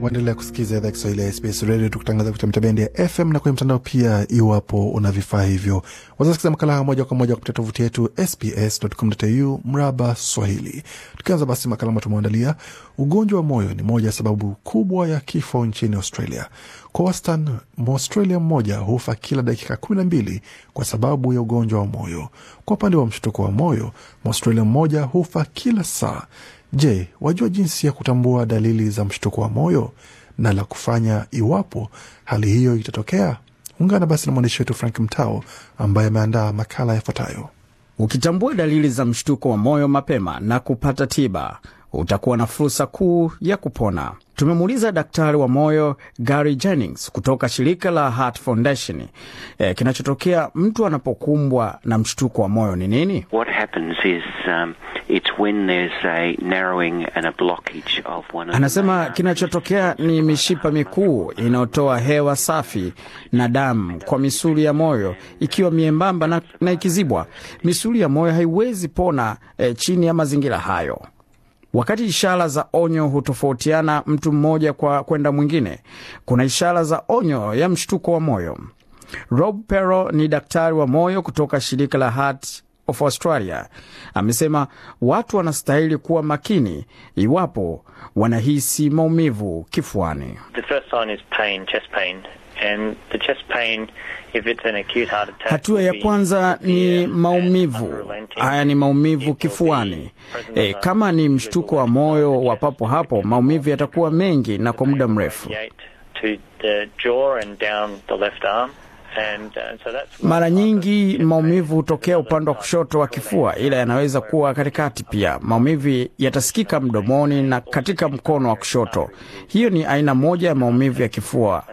waendelea kusikiza idhaa Kiswahili ya SBS Radio tukitangaza kupitia mitabendi ya FM na kwenye mtandao pia. Iwapo una vifaa hivyo, wazasikiza makala haya moja kwa moja kupitia tovuti yetu sbs.com.au mraba Swahili. Tukianza basi makala ambayo tumeandalia, ugonjwa wa moyo ni moja ya sababu kubwa ya kifo nchini Australia. Kwa wastani Mwaustralia mmoja hufa kila dakika kumi na mbili kwa sababu ya ugonjwa wa moyo. Kwa upande wa mshtuko wa moyo, Mwaustralia mmoja hufa kila saa Je, wajua jinsi ya kutambua dalili za mshtuko wa moyo na la kufanya iwapo hali hiyo itatokea? Ungana basi na mwandishi wetu Frank Mtao ambaye ameandaa makala yafuatayo. Ukitambua dalili za mshtuko wa moyo mapema na kupata tiba, utakuwa na fursa kuu ya kupona. Tumemuuliza daktari wa moyo Gary Jennings kutoka shirika la Heart Foundation e, kinachotokea mtu anapokumbwa na mshtuko wa moyo ni nini? What happens is, um, it's when there's a narrowing and a blockage of one of anasema kinachotokea ni mishipa mikuu inayotoa hewa safi na damu kwa misuli ya moyo ikiwa miembamba na, na ikizibwa misuli ya moyo haiwezi pona e, chini ya mazingira hayo. Wakati ishara za onyo hutofautiana mtu mmoja kwa kwenda mwingine, kuna ishara za onyo ya mshtuko wa moyo. Rob Pero ni daktari wa moyo kutoka shirika la Heart of Australia. Amesema watu wanastahili kuwa makini iwapo wanahisi maumivu kifuani. The first sign is pain, chest pain. And the chest pain, if it's an acute heart attack, hatua ya kwanza ni maumivu. Haya ni maumivu kifuani. E, kama ni mshtuko wa moyo wa papo hapo, maumivu yatakuwa mengi na kwa muda mrefu. Uh, mara nyingi maumivu hutokea upande wa kushoto wa kifua, ila yanaweza kuwa katikati pia. Maumivu yatasikika mdomoni na katika mkono wa kushoto. Hiyo ni aina moja ya maumivu ya kifua.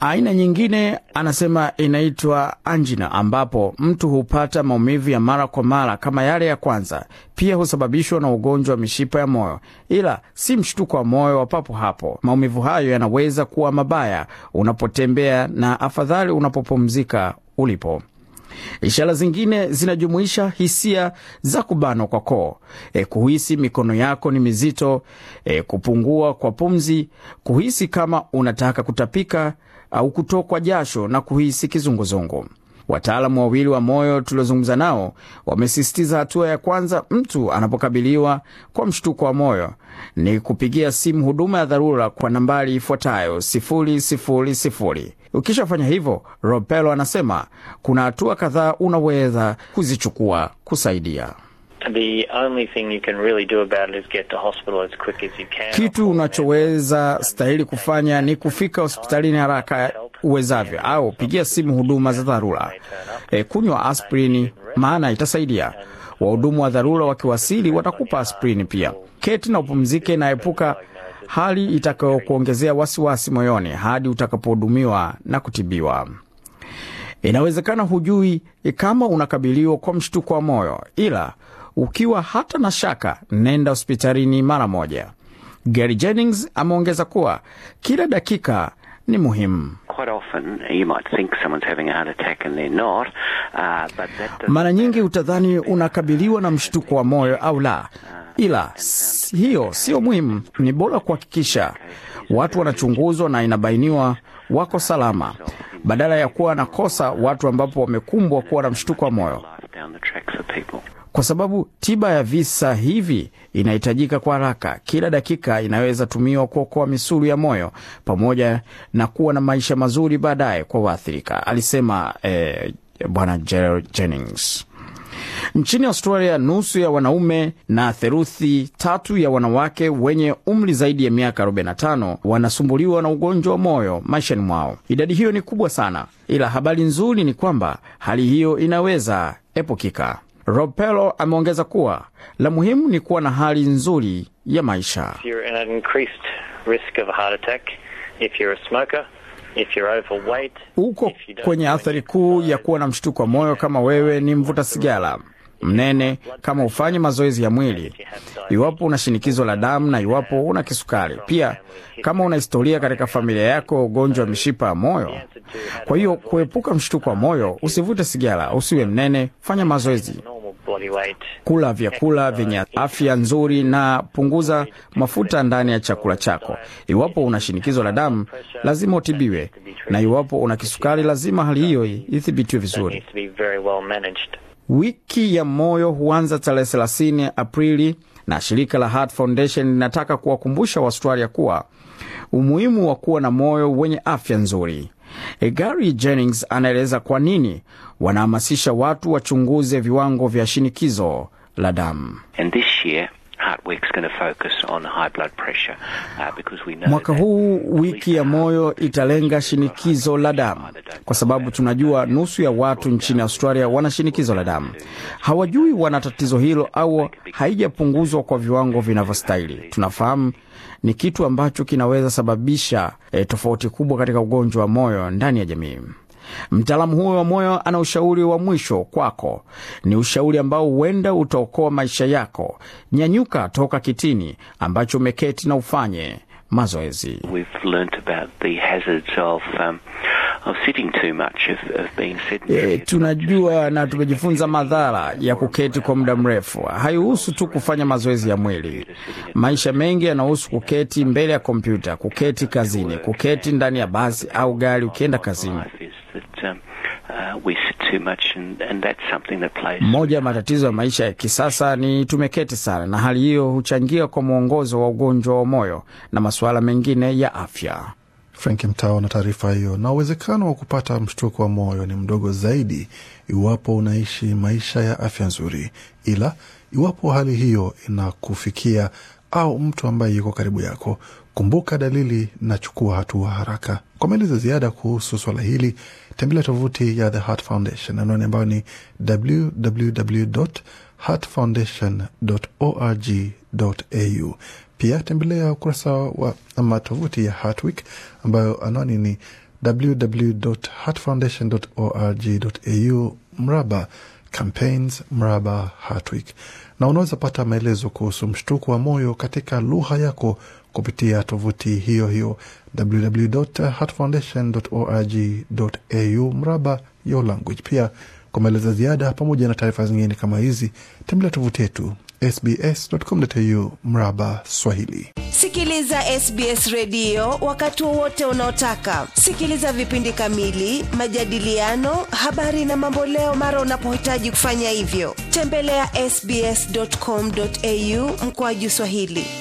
Aina nyingine anasema inaitwa angina, ambapo mtu hupata maumivu ya mara kwa mara kama yale ya kwanza. Pia husababishwa na ugonjwa wa mishipa ya moyo, ila si mshtuko wa moyo wa papo hapo. Maumivu hayo yanaweza kuwa mabaya unapotembea, na afadhali unapopumzika ulipo. Ishara zingine zinajumuisha hisia za kubanwa kwa koo, e, kuhisi mikono yako ni mizito, e, kupungua kwa pumzi, kuhisi kama unataka kutapika au kutokwa jasho na kuhisi kizunguzungu. Wataalamu wawili wa moyo tuliozungumza nao wamesisitiza hatua ya kwanza mtu anapokabiliwa kwa mshtuko wa moyo ni kupigia simu huduma ya dharura kwa nambari ifuatayo sifuri sifuri sifuri Ukishafanya hivyo, Ropelo anasema kuna hatua kadhaa unaweza kuzichukua kusaidia. Kitu unachoweza stahili kufanya ni kufika hospitalini haraka uwezavyo, au pigia simu huduma za dharura. E, kunywa asprini maana itasaidia. Wahudumu wa dharura wakiwasili watakupa asprini pia. Keti na upumzike, naepuka hali itakayokuongezea wasiwasi moyoni hadi utakapohudumiwa na kutibiwa. Inawezekana hujui kama unakabiliwa kwa mshtuko wa moyo, ila ukiwa hata na shaka, nenda hospitalini mara moja. Gary Jennings ameongeza kuwa kila dakika ni muhimu. Uh, mara nyingi utadhani unakabiliwa na mshtuko wa moyo au la, ila hiyo sio muhimu. Ni bora kuhakikisha watu wanachunguzwa na inabainiwa wako salama, badala ya kuwa na kosa watu ambapo wamekumbwa kuwa na mshtuko wa moyo, kwa sababu tiba ya visa hivi inahitajika kwa haraka. Kila dakika inaweza tumiwa kuokoa misulu ya moyo pamoja na kuwa na maisha mazuri baadaye kwa waathirika, alisema eh, Bwana Nchini Australia, nusu ya wanaume na theluthi tatu ya wanawake wenye umri zaidi ya miaka 45 wanasumbuliwa na ugonjwa wa moyo maishani mwao. Idadi hiyo ni kubwa sana, ila habari nzuri ni kwamba hali hiyo inaweza epukika. Rob Pelo ameongeza kuwa la muhimu ni kuwa na hali nzuri ya maisha. If you're Uko kwenye athari kuu ya kuwa na mshtuko wa moyo kama wewe ni mvuta sigara mnene, kama hufanyi mazoezi ya mwili, iwapo una shinikizo la damu na iwapo uh, una kisukari, pia kama una historia katika familia yako ugonjwa wa uh, mishipa ya moyo. Kwa hiyo kuepuka mshtuko wa moyo, usivute sigara, usiwe mnene, fanya mazoezi. Kula vyakula vyenye afya nzuri na punguza mafuta ndani ya chakula chako. Iwapo una shinikizo la damu, lazima utibiwe, na iwapo una kisukari, lazima hali hiyo ithibitiwe vizuri. Wiki ya moyo huanza tarehe 30 Aprili na shirika la Heart Foundation linataka kuwakumbusha Waustralia kuwa umuhimu wa kuwa na moyo wenye afya nzuri. E, Gary Jennings anaeleza kwa nini wanahamasisha watu wachunguze viwango vya shinikizo la damu. Uh, mwaka huu wiki ya moyo italenga shinikizo la damu, kwa sababu tunajua nusu ya watu nchini Australia wana shinikizo la damu. Hawajui wana tatizo hilo au haijapunguzwa kwa viwango vinavyostahili. Tunafahamu ni kitu ambacho kinaweza sababisha eh, tofauti kubwa katika ugonjwa wa moyo ndani ya jamii. Mtaalamu huyo wa moyo ana ushauri wa mwisho kwako, ni ushauri ambao huenda utaokoa maisha yako. Nyanyuka toka kitini ambacho umeketi na ufanye mazoezi. E, tunajua na tumejifunza madhara ya kuketi kwa muda mrefu. Haihusu tu kufanya mazoezi ya mwili. Maisha mengi yanahusu kuketi mbele ya kompyuta, kuketi kazini, kuketi ndani ya basi au gari ukienda kazini. Um, uh, Moja ya matatizo ya maisha ya kisasa ni tumeketi sana, na hali hiyo huchangia kwa mwongozo wa ugonjwa wa moyo na masuala mengine ya afya. Frank Mtao na taarifa hiyo. Na uwezekano wa kupata mshtuko wa moyo ni mdogo zaidi iwapo unaishi maisha ya afya nzuri, ila iwapo hali hiyo inakufikia au mtu ambaye yuko karibu yako. Kumbuka dalili na chukua hatua haraka. Kwa maelezo ziada kuhusu swala hili, tembelea tovuti ya The Heart Foundation, anwani ambayo ni www.heartfoundation.org.au. Pia tembelea ukurasa wa ama tovuti ya Heart ambayo anwani ni www.heartfoundation.org.au mraba Campaigns mraba Hartwig, na unaweza pata maelezo kuhusu mshtuko wa moyo katika lugha yako kupitia tovuti hiyo hiyo www.heartfoundation.org.au mraba your language. Pia kwa maelezo ziada pamoja na taarifa zingine kama hizi, tembelea tovuti yetu sbs.com.au mraba Swahili. Sikiliza SBS redio wakati wowote unaotaka. Sikiliza vipindi kamili, majadiliano, habari na mamboleo mara unapohitaji kufanya hivyo. Tembelea ya sbs.com.au mkoaju Swahili.